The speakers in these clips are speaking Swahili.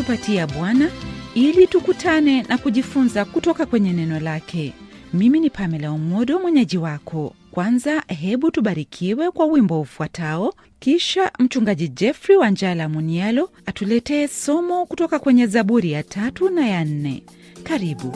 aliyotupatia Bwana ili tukutane na kujifunza kutoka kwenye neno lake. Mimi ni Pamela Umodo, mwenyeji wako. Kwanza hebu tubarikiwe kwa wimbo ufuatao, kisha mchungaji Jeffrey wa njala Munialo atuletee somo kutoka kwenye Zaburi ya tatu na ya nne. Karibu.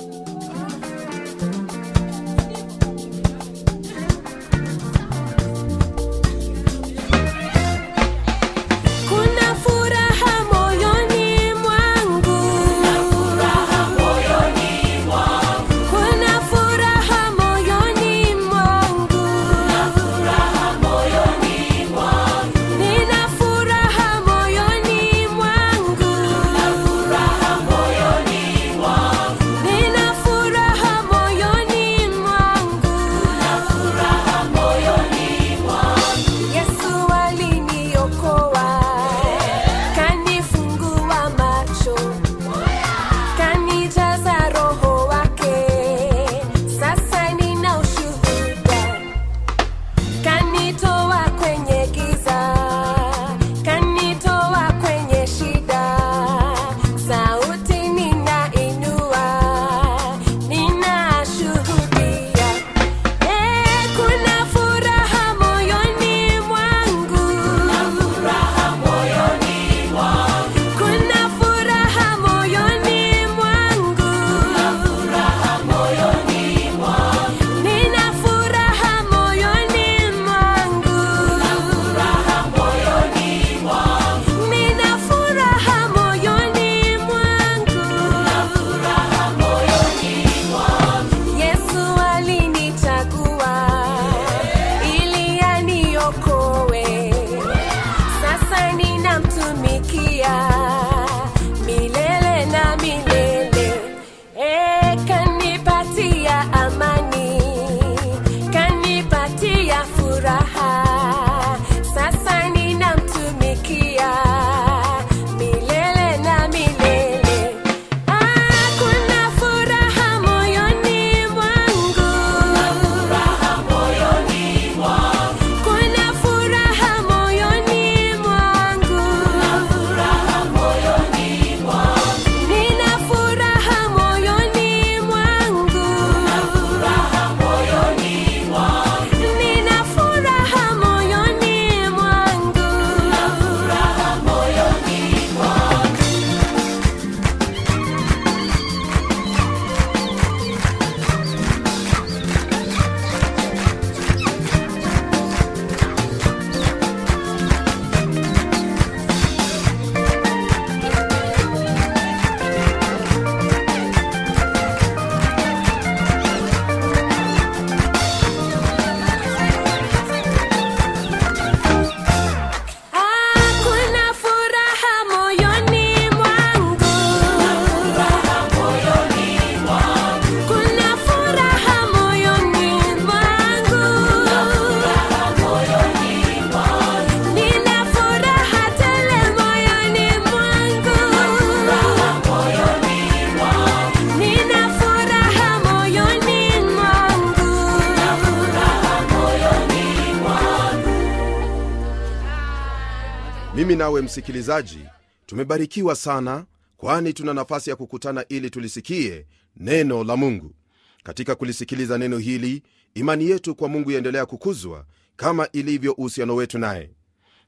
mimi nawe msikilizaji tumebarikiwa sana kwani tuna nafasi ya kukutana ili tulisikie neno la mungu katika kulisikiliza neno hili imani yetu kwa mungu yaendelea kukuzwa kama ilivyo uhusiano wetu naye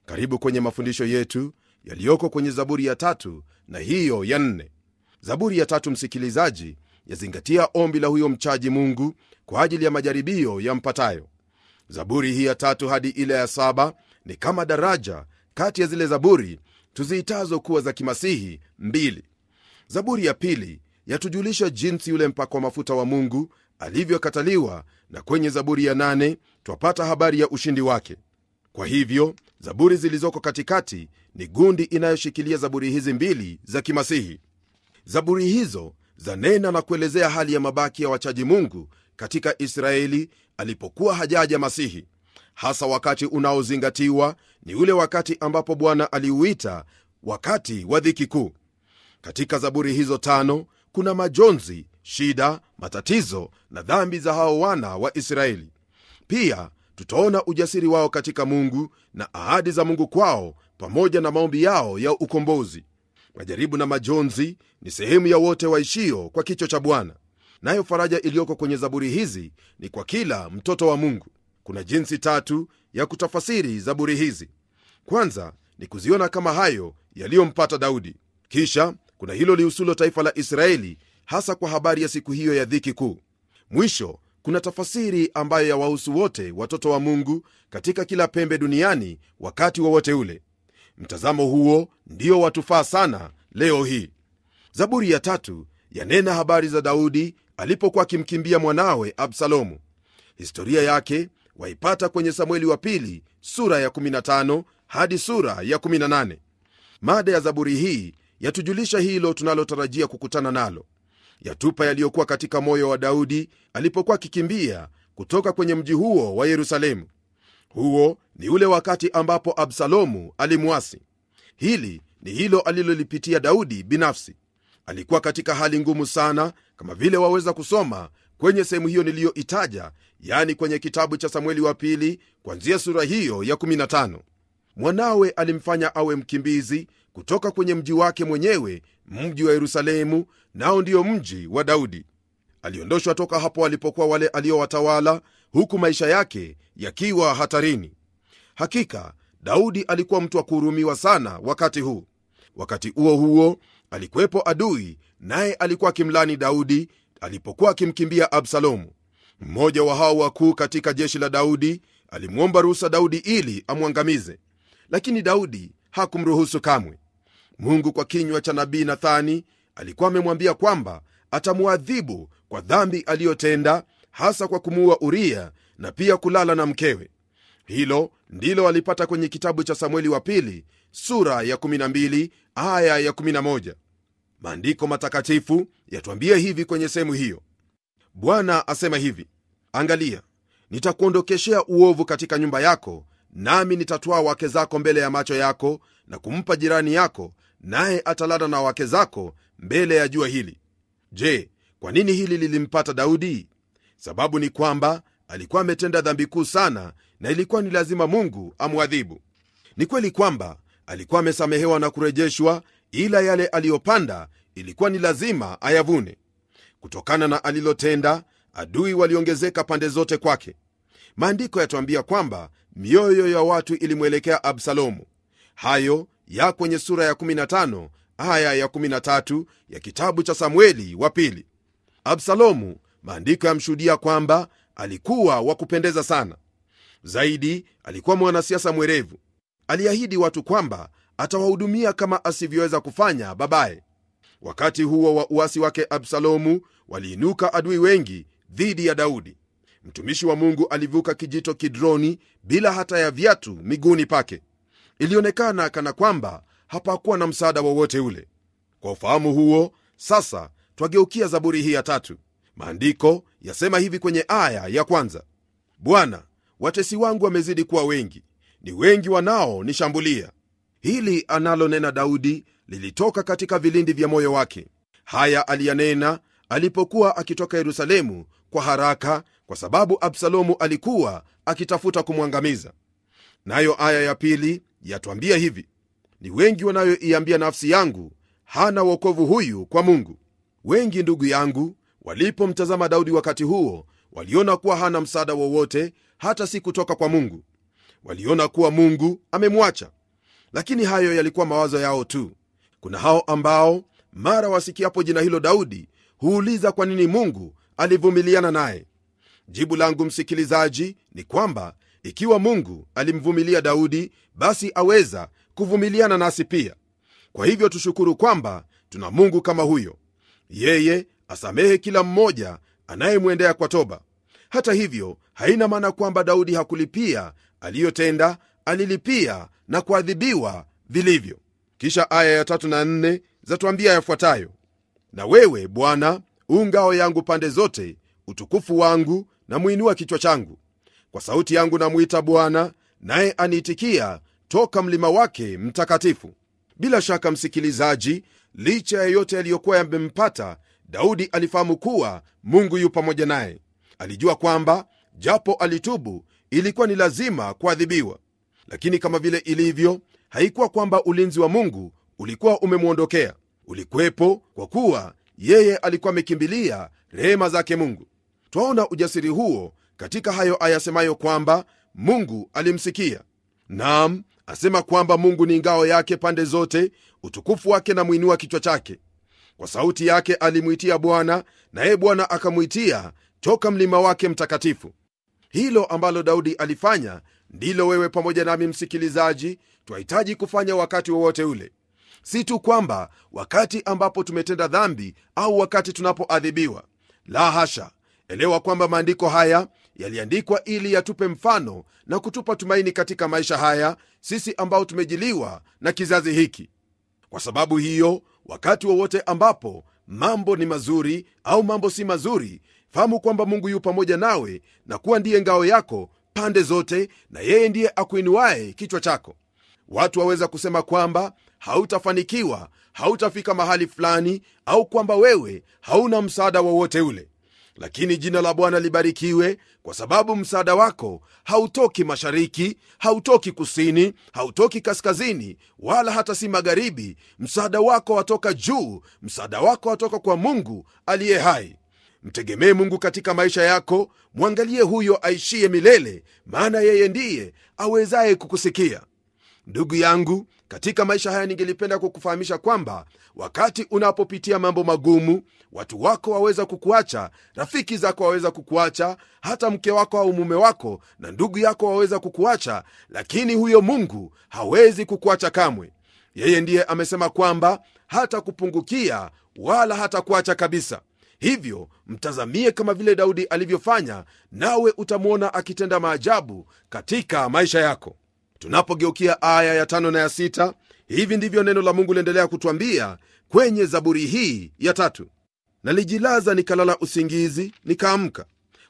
karibu kwenye mafundisho yetu yaliyoko kwenye zaburi ya tatu na hiyo ya nne zaburi ya tatu msikilizaji yazingatia ombi la huyo mchaji mungu kwa ajili ya majaribio yampatayo zaburi hii ya tatu hadi ile ya saba ni kama daraja kati ya zile zaburi tuziitazo kuwa za kimasihi mbili zaburi ya pili yatujulisha jinsi yule mpakwa mafuta wa mungu alivyokataliwa na kwenye zaburi ya nane twapata habari ya ushindi wake kwa hivyo zaburi zilizoko katikati ni gundi inayoshikilia zaburi hizi mbili za kimasihi zaburi hizo zanena na kuelezea hali ya mabaki ya wachaji mungu katika israeli alipokuwa hajaja masihi hasa wakati unaozingatiwa ni ule wakati ambapo bwana aliuita wakati wa dhiki kuu katika zaburi hizo tano kuna majonzi shida matatizo na dhambi za hao wana wa israeli pia tutaona ujasiri wao katika mungu na ahadi za mungu kwao pamoja na maombi yao ya ukombozi majaribu na majonzi ni sehemu ya wote waishio kwa kicho cha bwana nayo faraja iliyoko kwenye zaburi hizi ni kwa kila mtoto wa mungu kuna jinsi tatu ya kutafasiri zaburi hizi. Kwanza ni kuziona kama hayo yaliyompata Daudi. Kisha kuna hilo lihusulo taifa la Israeli, hasa kwa habari ya siku hiyo ya dhiki kuu. Mwisho kuna tafasiri ambayo yawahusu wote watoto wa Mungu katika kila pembe duniani wakati wowote wa ule. Mtazamo huo ndio watufaa sana leo hii. Zaburi ya tatu yanena habari za Daudi alipokuwa akimkimbia mwanawe Absalomu. Historia yake waipata kwenye samueli wa pili sura ya 15 hadi sura ya 18 mada ya zaburi hii yatujulisha hilo tunalotarajia kukutana nalo yatupa yaliyokuwa katika moyo wa daudi alipokuwa akikimbia kutoka kwenye mji huo wa yerusalemu huo ni ule wakati ambapo absalomu alimwasi hili ni hilo alilolipitia daudi binafsi alikuwa katika hali ngumu sana kama vile waweza kusoma kwenye sehemu hiyo niliyoitaja yani kwenye kitabu cha samueli wa pili kwanzia sura hiyo ya 15 mwanawe alimfanya awe mkimbizi kutoka kwenye mji wake mwenyewe mji wa yerusalemu nao ndiyo mji wa daudi aliondoshwa toka hapo alipokuwa wale aliyowatawala huku maisha yake yakiwa hatarini hakika daudi alikuwa mtu wa kuhurumiwa sana wakati huu wakati huo huo alikuwepo adui naye alikuwa akimlani daudi alipokuwa akimkimbia Absalomu. Mmoja wa hao wakuu katika jeshi la Daudi alimwomba ruhusa Daudi ili amwangamize, lakini Daudi hakumruhusu kamwe. Mungu kwa kinywa cha nabii Nathani alikuwa amemwambia kwamba atamwadhibu kwa dhambi aliyotenda, hasa kwa kumuua Uria na pia kulala na mkewe. Hilo ndilo alipata kwenye kitabu cha Samueli wa pili sura ya 12 aya ya 11 maandiko matakatifu yatuambia hivi kwenye sehemu hiyo bwana asema hivi angalia nitakuondokeshea uovu katika nyumba yako nami nitatwaa wake zako mbele ya macho yako na kumpa jirani yako naye atalala na wake zako mbele ya jua hili je kwa nini hili lilimpata daudi sababu ni kwamba alikuwa ametenda dhambi kuu sana na ilikuwa ni lazima mungu amwadhibu ni kweli kwamba alikuwa amesamehewa na kurejeshwa ila yale aliyopanda ilikuwa ni lazima ayavune. Kutokana na alilotenda, adui waliongezeka pande zote kwake. Maandiko yatuambia kwamba mioyo ya watu ilimwelekea Absalomu. Hayo ya kwenye sura ya 15 aya ya 13 ya kitabu cha Samueli wa pili. Absalomu, maandiko yamshuhudia kwamba alikuwa wa kupendeza sana. Zaidi alikuwa mwanasiasa mwerevu. Aliahidi watu kwamba atawahudumia kama asivyoweza kufanya babaye wakati huo wa uasi wake absalomu waliinuka adui wengi dhidi ya daudi mtumishi wa mungu alivuka kijito kidroni bila hata ya viatu miguuni pake ilionekana kana kwamba hapakuwa na msaada wowote ule kwa ufahamu huo sasa twageukia zaburi hii ya tatu maandiko yasema hivi kwenye aya ya kwanza bwana watesi wangu wamezidi kuwa wengi ni wengi wanao wanaonishambulia hili analonena daudi lilitoka katika vilindi vya moyo wake haya aliyanena alipokuwa akitoka yerusalemu kwa haraka kwa sababu absalomu alikuwa akitafuta kumwangamiza nayo aya ya pili yatwambia hivi ni wengi wanayoiambia nafsi yangu hana wokovu huyu kwa mungu wengi ndugu yangu walipomtazama daudi wakati huo waliona kuwa hana msaada wowote hata si kutoka kwa mungu waliona kuwa mungu amemwacha lakini hayo yalikuwa mawazo yao tu. Kuna hao ambao mara wasikiapo jina hilo Daudi huuliza kwa nini Mungu alivumiliana naye. Jibu langu msikilizaji ni kwamba ikiwa Mungu alimvumilia Daudi, basi aweza kuvumiliana nasi pia. Kwa hivyo tushukuru kwamba tuna Mungu kama huyo. Yeye asamehe kila mmoja anayemwendea kwa toba. Hata hivyo, haina maana kwamba Daudi hakulipia aliyotenda alilipia na kuadhibiwa vilivyo kisha aya ya tatu na nne zatuambia yafuatayo na wewe bwana ungao yangu pande zote utukufu wangu na mwinua kichwa changu kwa sauti yangu namwita bwana naye aniitikia toka mlima wake mtakatifu bila shaka msikilizaji licha ya yote yaliyokuwa yamempata daudi alifahamu kuwa mungu yu pamoja naye alijua kwamba japo alitubu ilikuwa ni lazima kuadhibiwa lakini kama vile ilivyo haikuwa kwamba ulinzi wa mungu ulikuwa umemwondokea ulikuwepo kwa kuwa yeye alikuwa amekimbilia rehema zake mungu twaona ujasiri huo katika hayo ayasemayo kwamba mungu alimsikia nam asema kwamba mungu ni ngao yake pande zote utukufu wake na mwinua kichwa chake kwa sauti yake alimwitia bwana naye bwana akamwitia toka mlima wake mtakatifu hilo ambalo daudi alifanya ndilo wewe pamoja nami msikilizaji twahitaji kufanya wakati wowote ule si tu kwamba wakati ambapo tumetenda dhambi au wakati tunapoadhibiwa la hasha elewa kwamba maandiko haya yaliandikwa ili yatupe mfano na kutupa tumaini katika maisha haya sisi ambao tumejiliwa na kizazi hiki kwa sababu hiyo wakati wowote ambapo mambo ni mazuri au mambo si mazuri fahamu kwamba mungu yu pamoja nawe na kuwa ndiye ngao yako pande zote na yeye ndiye akuinuaye kichwa chako watu waweza kusema kwamba hautafanikiwa hautafika mahali fulani au kwamba wewe hauna msaada wowote ule lakini jina la bwana libarikiwe kwa sababu msaada wako hautoki mashariki hautoki kusini hautoki kaskazini wala hata si magharibi msaada wako watoka juu msaada wako watoka kwa mungu aliye hai mtegemee mungu katika maisha yako mwangalie huyo aishiye milele maana yeye ndiye awezaye kukusikia ndugu yangu katika maisha haya ningelipenda kukufahamisha kwamba wakati unapopitia mambo magumu watu wako waweza kukuacha rafiki zako waweza kukuacha hata mke wako au mume wako na ndugu yako waweza kukuacha lakini huyo mungu hawezi kukuacha kamwe yeye ndiye amesema kwamba hata kupungukia wala hata kuacha kabisa hivyo mtazamie kama vile daudi alivyofanya nawe utamwona akitenda maajabu katika maisha yako tunapogeukia aya ya tano na ya sita hivi ndivyo neno la mungu liendelea kutwambia kwenye zaburi hii ya tatu nalijilaza nikalala usingizi nikaamka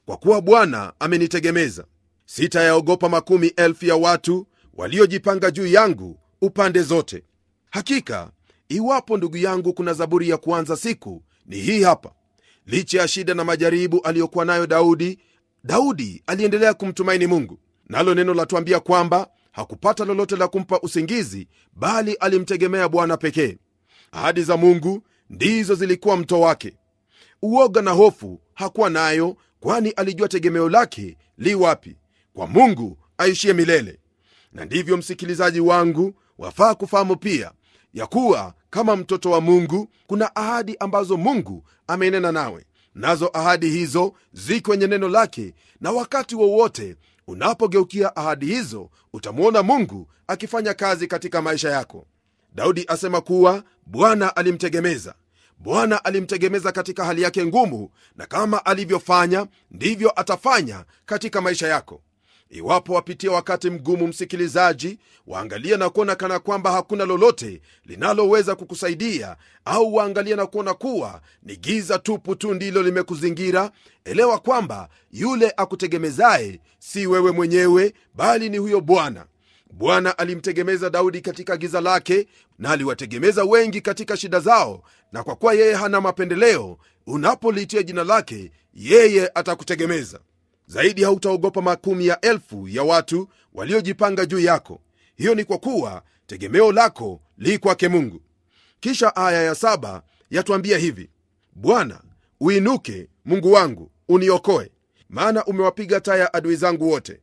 kwa kuwa bwana amenitegemeza sitayaogopa makumi elfu ya watu waliojipanga juu yangu upande zote hakika iwapo ndugu yangu kuna zaburi ya kuanza siku ni hii hapa licha ya shida na majaribu aliyokuwa nayo daudi daudi aliendelea kumtumaini mungu nalo neno latuambia kwamba hakupata lolote la kumpa usingizi bali alimtegemea bwana pekee ahadi za mungu ndizo zilikuwa mto wake uoga na hofu hakuwa nayo kwani alijua tegemeo lake li wapi kwa mungu aishie milele na ndivyo msikilizaji wangu wafaa kufahamu pia ya kuwa kama mtoto wa Mungu kuna ahadi ambazo Mungu amenena nawe, nazo ahadi hizo zi kwenye neno lake, na wakati wowote unapogeukia ahadi hizo utamwona Mungu akifanya kazi katika maisha yako. Daudi asema kuwa Bwana alimtegemeza Bwana alimtegemeza katika hali yake ngumu, na kama alivyofanya ndivyo atafanya katika maisha yako iwapo wapitia wakati mgumu msikilizaji waangalie na kuona kana kwamba hakuna lolote linaloweza kukusaidia au waangalie na kuona kuwa ni giza tupu tu ndilo limekuzingira elewa kwamba yule akutegemezaye si wewe mwenyewe bali ni huyo bwana bwana alimtegemeza daudi katika giza lake na aliwategemeza wengi katika shida zao na kwa kuwa yeye hana mapendeleo unapolitia jina lake yeye atakutegemeza zaidi hautaogopa makumi ya elfu ya watu waliojipanga juu yako hiyo ni kwa kuwa tegemeo lako li kwake mungu kisha aya ya saba yatwambia hivi bwana uinuke mungu wangu uniokoe maana umewapiga taya adui zangu wote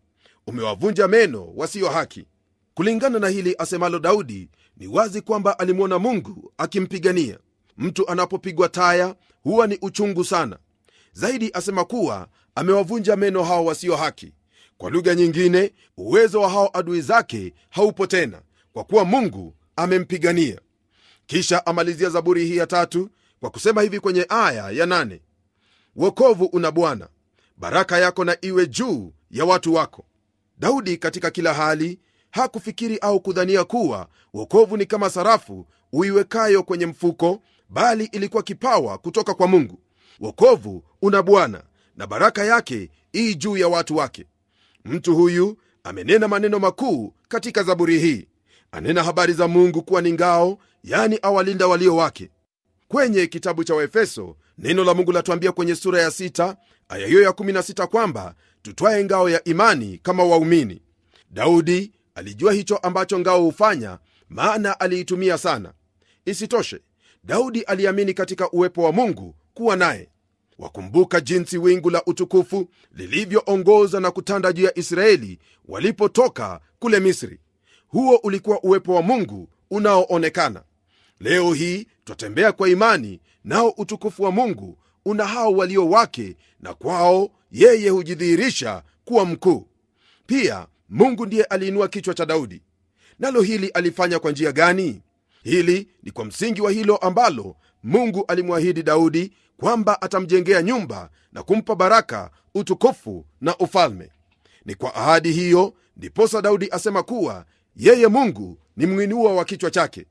umewavunja meno wasiyo haki kulingana na hili asemalo daudi ni wazi kwamba alimwona mungu akimpigania mtu anapopigwa taya huwa ni uchungu sana zaidi asema kuwa amewavunja meno hao wasio haki kwa lugha nyingine uwezo wa hao adui zake haupo tena kwa kuwa mungu amempigania kisha amalizia zaburi hii ya tatu kwa kusema hivi kwenye aya ya nane wokovu una bwana baraka yako na iwe juu ya watu wako daudi katika kila hali hakufikiri au kudhania kuwa wokovu ni kama sarafu uiwekayo kwenye mfuko bali ilikuwa kipawa kutoka kwa mungu wokovu una bwana na baraka yake ii juu ya watu wake mtu huyu amenena maneno makuu katika zaburi hii anena habari za mungu kuwa ni ngao yani awalinda walio wake kwenye kitabu cha waefeso neno la mungu latuambia kwenye sura ya sita aya hiyo ya 16 kwamba tutwaye ngao ya imani kama waumini daudi alijua hicho ambacho ngao hufanya maana aliitumia sana isitoshe daudi aliamini katika uwepo wa mungu kuwa naye wakumbuka jinsi wingu la utukufu lilivyoongoza na kutanda juu ya israeli walipotoka kule misri huo ulikuwa uwepo wa mungu unaoonekana leo hii twatembea kwa imani nao utukufu wa mungu una hao walio wake na kwao yeye hujidhihirisha kuwa mkuu pia mungu ndiye aliinua kichwa cha daudi nalo hili alifanya kwa njia gani hili ni kwa msingi wa hilo ambalo mungu alimwahidi daudi kwamba atamjengea nyumba na kumpa baraka utukufu na ufalme ni kwa ahadi hiyo ndiposa daudi asema kuwa yeye mungu ni mwinua wa kichwa chake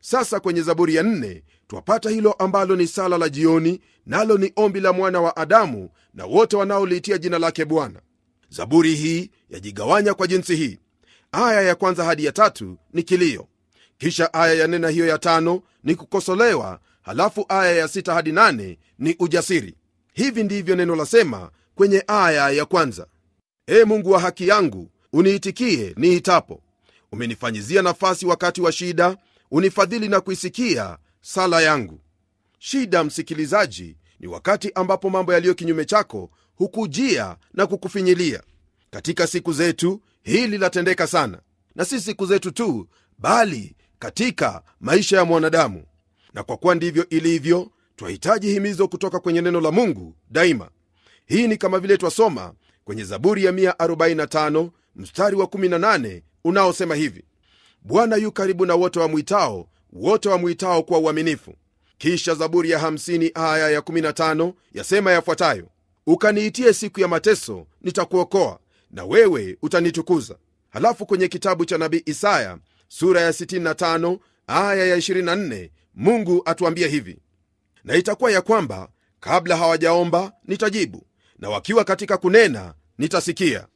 sasa kwenye zaburi ya nne twapata hilo ambalo ni sala la jioni nalo ni ombi la mwana wa adamu na wote wanaoliitia jina lake bwana zaburi hii yajigawanya kwa jinsi hii aya ya kwanza hadi ya tatu ni kilio kisha aya ya nne na hiyo ya tano ni kukosolewa halafu aya ya sita hadi nane ni ujasiri hivi ndivyo neno lasema kwenye aya ya kwanza e mungu wa haki yangu uniitikie niitapo umenifanyizia nafasi wakati wa shida unifadhili na kuisikia sala yangu shida msikilizaji ni wakati ambapo mambo yaliyo kinyume chako hukujia na kukufinyilia katika siku zetu hili latendeka sana na si siku zetu tu bali katika maisha ya mwanadamu na kwa kuwa ndivyo ilivyo twahitaji himizo kutoka kwenye neno la mungu daima hii ni kama vile twasoma kwenye zaburi ya 145 mstari wa 18 unaosema hivi bwana yu karibu na wote wamwitao wote wamwitao kwa uaminifu kisha zaburi ya 50 aya ya 15 yasema yafuatayo ukaniitie siku ya mateso nitakuokoa na wewe utanitukuza halafu kwenye kitabu cha nabii isaya sura ya 65 aya ya 24 Mungu atuambia hivi, na itakuwa ya kwamba kabla hawajaomba nitajibu, na wakiwa katika kunena nitasikia.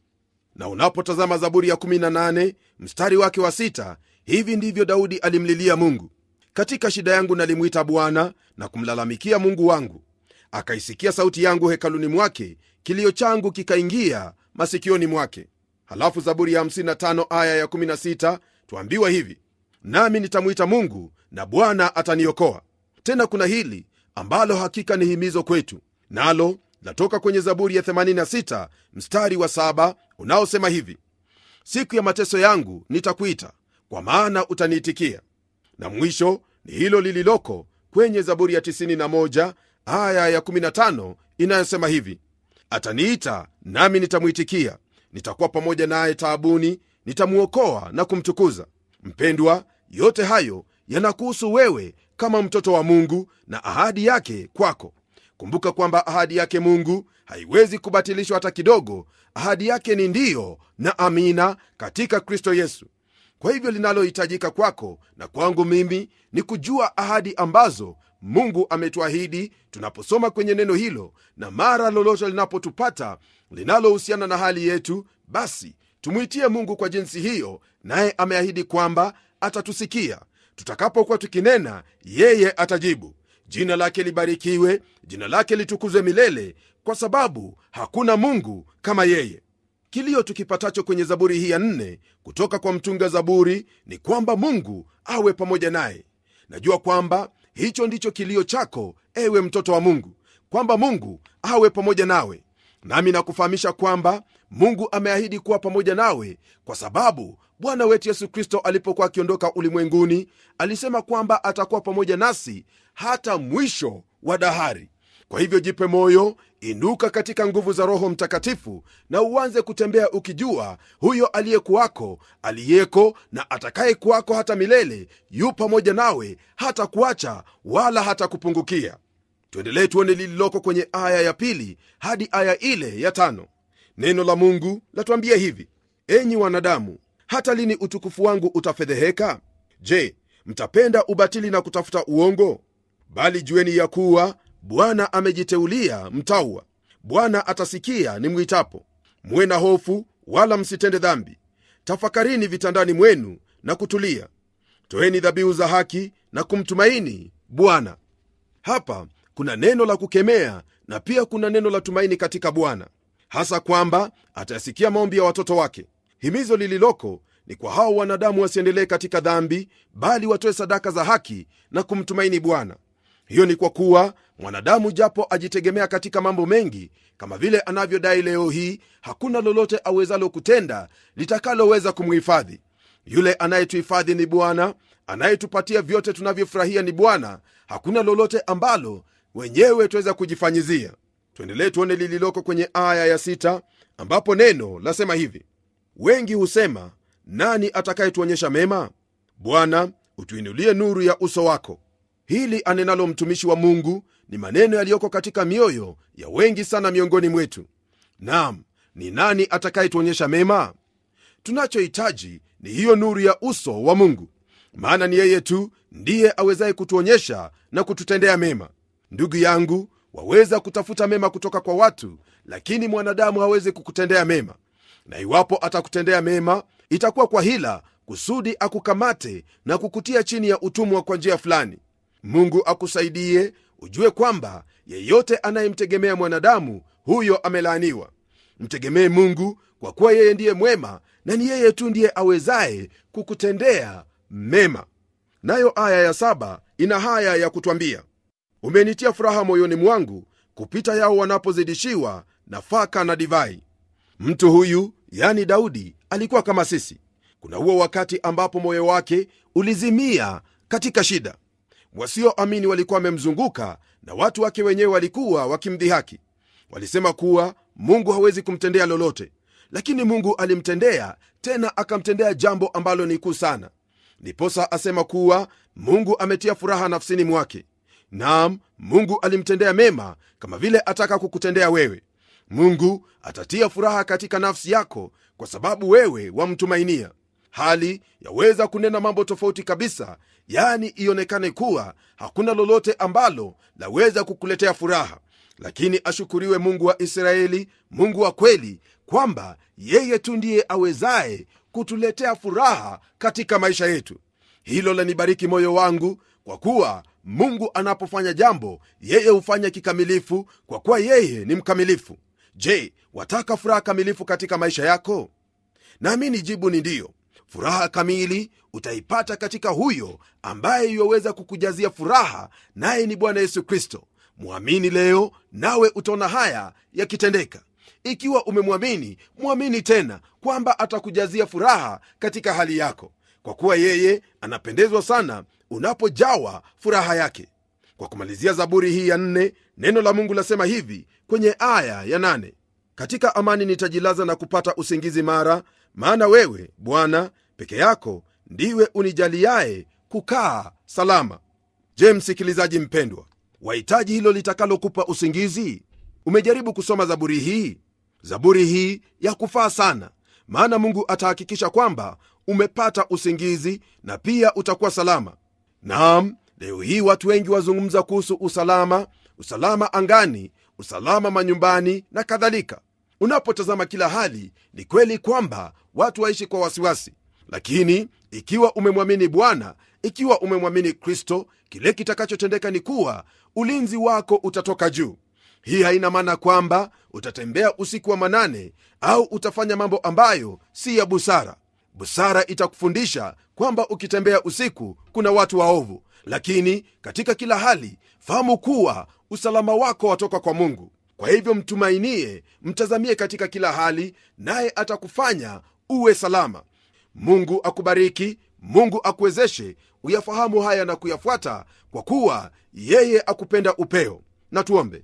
Na unapotazama Zaburi ya 18 mstari wake wa sita, hivi ndivyo Daudi alimlilia Mungu: katika shida yangu nalimwita Bwana na kumlalamikia Mungu wangu. Akaisikia sauti yangu hekaluni mwake, kilio changu kikaingia masikioni mwake. Halafu Zaburi ya 55 aya ya 16 twambiwa hivi, nami nitamwita Mungu na bwana ataniokoa tena kuna hili ambalo hakika ni himizo kwetu nalo latoka kwenye zaburi ya 86 mstari wa 7 unaosema hivi siku ya mateso yangu nitakuita kwa maana utaniitikia na mwisho ni hilo lililoko kwenye zaburi ya 91 aya ya 15 inayosema hivi ataniita nami nitamwitikia nitakuwa pamoja naye taabuni nitamwokoa na kumtukuza mpendwa yote hayo yanakuhusu wewe kama mtoto wa mungu na ahadi yake kwako kumbuka kwamba ahadi yake mungu haiwezi kubatilishwa hata kidogo ahadi yake ni ndiyo na amina katika kristo yesu kwa hivyo linalohitajika kwako na kwangu mimi ni kujua ahadi ambazo mungu ametuahidi tunaposoma kwenye neno hilo na mara lolote linapotupata linalohusiana na hali yetu basi tumwitie mungu kwa jinsi hiyo naye ameahidi kwamba atatusikia tutakapokuwa tukinena yeye atajibu jina lake libarikiwe jina lake litukuzwe milele kwa sababu hakuna mungu kama yeye kilio tukipatacho kwenye zaburi hii ya nne kutoka kwa mtunga zaburi ni kwamba mungu awe pamoja naye najua kwamba hicho ndicho kilio chako ewe mtoto wa mungu kwamba mungu awe pamoja nawe nami nakufahamisha kwamba mungu ameahidi kuwa pamoja nawe kwa sababu bwana wetu yesu kristo alipokuwa akiondoka ulimwenguni alisema kwamba atakuwa pamoja nasi hata mwisho wa dahari kwa hivyo jipe moyo inuka katika nguvu za roho mtakatifu na uanze kutembea ukijua huyo aliyekuwako aliyeko na atakayekuwako hata milele yu pamoja nawe hata kuacha wala hata kupungukia tuendelee tuone lililoko kwenye aya ya pili hadi aya ile ya tano neno la mungu latwambia hivi enyi wanadamu hata lini utukufu wangu utafedheheka je mtapenda ubatili na kutafuta uongo bali jueni ya kuwa bwana amejiteulia mtaua bwana atasikia ni mwitapo muwe na hofu wala msitende dhambi tafakarini vitandani mwenu na kutulia toeni dhabihu za haki na kumtumaini bwana hapa kuna neno la kukemea na pia kuna neno la tumaini katika bwana hasa kwamba atayasikia maombi ya watoto wake. Himizo lililoko ni kwa hao wanadamu wasiendelee katika dhambi, bali watoe sadaka za haki na kumtumaini Bwana. Hiyo ni kwa kuwa mwanadamu japo ajitegemea katika mambo mengi kama vile anavyodai leo hii, hakuna lolote awezalo kutenda litakaloweza kumhifadhi. Yule anayetuhifadhi ni Bwana, anayetupatia vyote tunavyofurahia ni Bwana. Hakuna lolote ambalo wenyewe tuweza kujifanyizia tuendelee tuone lililoko kwenye aya ya sita ambapo neno lasema hivi wengi husema nani atakayetuonyesha mema bwana utuinulie nuru ya uso wako hili anenalo mtumishi wa mungu ni maneno yaliyoko katika mioyo ya wengi sana miongoni mwetu nam ni nani atakayetuonyesha mema tunachohitaji ni hiyo nuru ya uso wa mungu maana ni yeye tu ndiye awezaye kutuonyesha na kututendea mema ndugu yangu waweza kutafuta mema kutoka kwa watu lakini mwanadamu hawezi kukutendea mema na iwapo atakutendea mema itakuwa kwa hila kusudi akukamate na kukutia chini ya utumwa kwa njia fulani mungu akusaidie ujue kwamba yeyote anayemtegemea mwanadamu huyo amelaaniwa mtegemee mungu kwa kuwa yeye ndiye mwema na ni yeye tu ndiye awezaye kukutendea mema nayo aya ya saba ina haya ya kutwambia umenitia furaha moyoni mwangu kupita yao wanapozidishiwa nafaka na divai mtu huyu yani daudi alikuwa kama sisi kuna huo wakati ambapo moyo wake ulizimia katika shida wasioamini walikuwa wamemzunguka na watu wake wenyewe walikuwa wakimdhihaki walisema kuwa mungu hawezi kumtendea lolote lakini mungu alimtendea tena akamtendea jambo ambalo ni kuu sana ndiposa asema kuwa mungu ametia furaha nafsini mwake nam mungu alimtendea mema kama vile ataka kukutendea wewe mungu atatia furaha katika nafsi yako kwa sababu wewe wamtumainia hali yaweza kunena mambo tofauti kabisa yani ionekane kuwa hakuna lolote ambalo laweza kukuletea furaha lakini ashukuriwe mungu wa israeli mungu wa kweli kwamba yeye tu ndiye awezaye kutuletea furaha katika maisha yetu hilo lanibariki moyo wangu kwa kuwa mungu anapofanya jambo yeye hufanya kikamilifu kwa kuwa yeye ni mkamilifu je wataka furaha kamilifu katika maisha yako naamini jibu ni ndiyo furaha kamili utaipata katika huyo ambaye yuwaweza kukujazia furaha naye ni bwana yesu kristo mwamini leo nawe utaona haya yakitendeka ikiwa umemwamini mwamini tena kwamba atakujazia furaha katika hali yako kwa kuwa yeye anapendezwa sana unapojawa furaha yake kwa kumalizia zaburi hii ya nne neno la mungu lasema hivi kwenye aya ya nane katika amani nitajilaza na kupata usingizi mara maana wewe bwana peke yako ndiwe unijaliaye kukaa salama je msikilizaji mpendwa wahitaji hilo litakalokupa usingizi umejaribu kusoma zaburi hii zaburi hii ya kufaa sana maana mungu atahakikisha kwamba umepata usingizi na pia utakuwa salama naam leo hii watu wengi wazungumza kuhusu usalama usalama angani usalama manyumbani na kadhalika unapotazama kila hali ni kweli kwamba watu waishi kwa wasiwasi lakini ikiwa umemwamini bwana ikiwa umemwamini kristo kile kitakachotendeka ni kuwa ulinzi wako utatoka juu hii haina maana kwamba utatembea usiku wa manane au utafanya mambo ambayo si ya busara busara itakufundisha kwamba ukitembea usiku kuna watu waovu lakini katika kila hali fahamu kuwa usalama wako watoka kwa mungu kwa hivyo mtumainie mtazamie katika kila hali naye atakufanya uwe salama mungu akubariki mungu akuwezeshe uyafahamu haya na kuyafuata kwa kuwa yeye akupenda upeo natuombe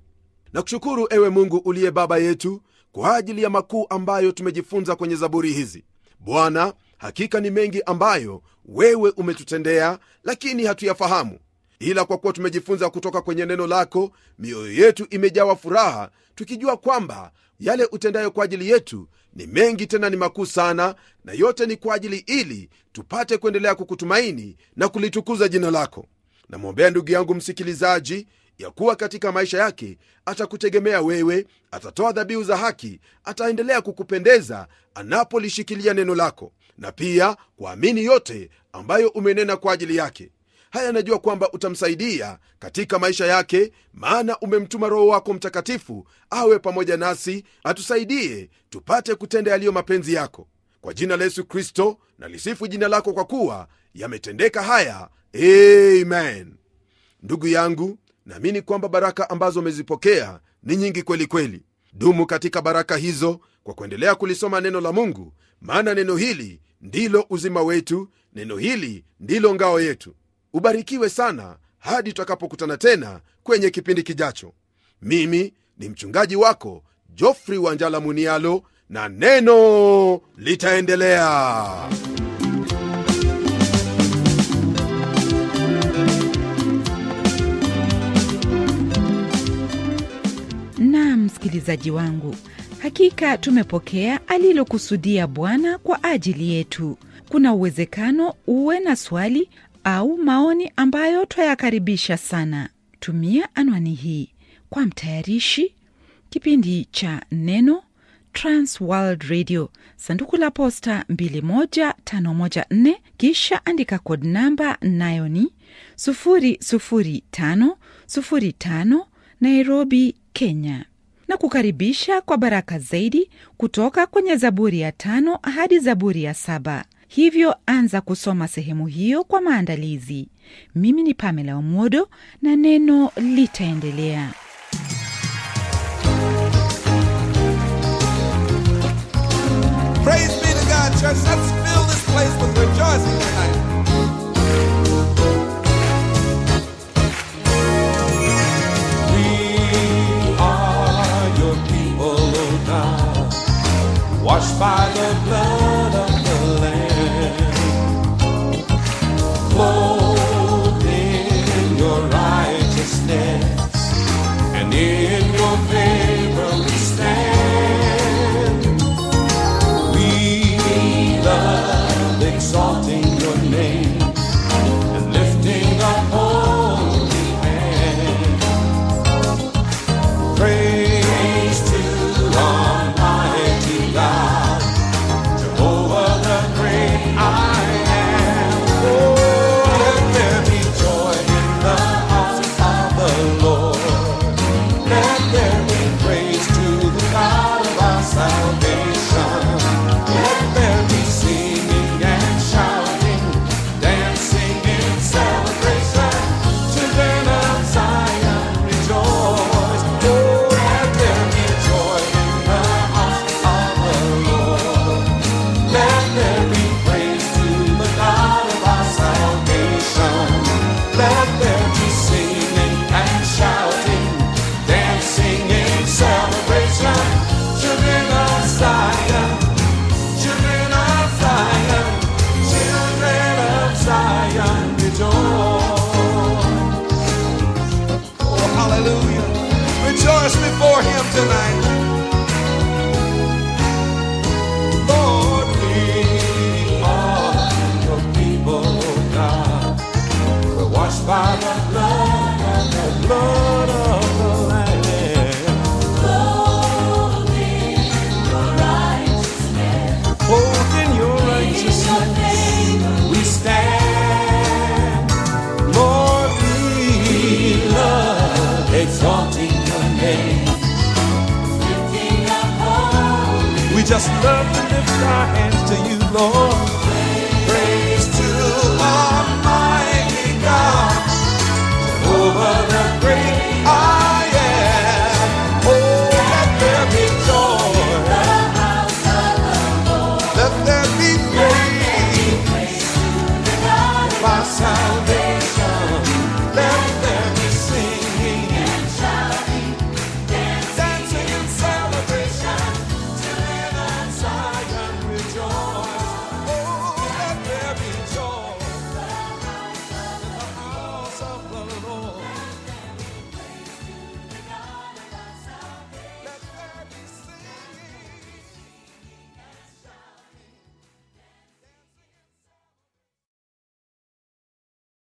nakushukuru ewe mungu uliye baba yetu kwa ajili ya makuu ambayo tumejifunza kwenye zaburi hizi Bwana, hakika ni mengi ambayo wewe umetutendea, lakini hatuyafahamu, ila kwa kuwa tumejifunza kutoka kwenye neno lako, mioyo yetu imejawa furaha, tukijua kwamba yale utendayo kwa ajili yetu ni mengi tena ni makuu sana, na yote ni kwa ajili ili tupate kuendelea kukutumaini na kulitukuza jina lako. Namwombea ndugu yangu msikilizaji ya kuwa katika maisha yake atakutegemea wewe atatoa dhabihu za haki ataendelea kukupendeza anapolishikilia neno lako na pia kuamini yote ambayo umenena kwa ajili yake haya anajua kwamba utamsaidia katika maisha yake maana umemtuma roho wako mtakatifu awe pamoja nasi atusaidie tupate kutenda yaliyo mapenzi yako kwa jina la yesu kristo nalisifu jina lako kwa kuwa yametendeka haya amen ndugu yangu naamini kwamba baraka ambazo umezipokea ni nyingi kweli kweli. Dumu katika baraka hizo kwa kuendelea kulisoma neno la Mungu, maana neno hili ndilo uzima wetu, neno hili ndilo ngao yetu. Ubarikiwe sana hadi tutakapokutana tena kwenye kipindi kijacho. Mimi ni mchungaji wako Jofri Wanjala Munialo, na neno litaendelea. msikilizaji wangu, hakika tumepokea alilokusudia Bwana kwa ajili yetu. Kuna uwezekano uwe na swali au maoni ambayo twayakaribisha sana. Tumia anwani hii kwa mtayarishi kipindi cha Neno, transworld Radio, sanduku la posta 21514, kisha andika kod namba, nayo ni 55 Nairobi, Kenya na kukaribisha kwa baraka zaidi kutoka kwenye Zaburi ya tano hadi Zaburi ya saba. Hivyo anza kusoma sehemu hiyo kwa maandalizi. Mimi ni Pamela Omodo na neno litaendelea. Praise be to God, church. Let's fill this place with rejoicing tonight. washed by the blood. hands. We just love to lift our hands to you, Lord.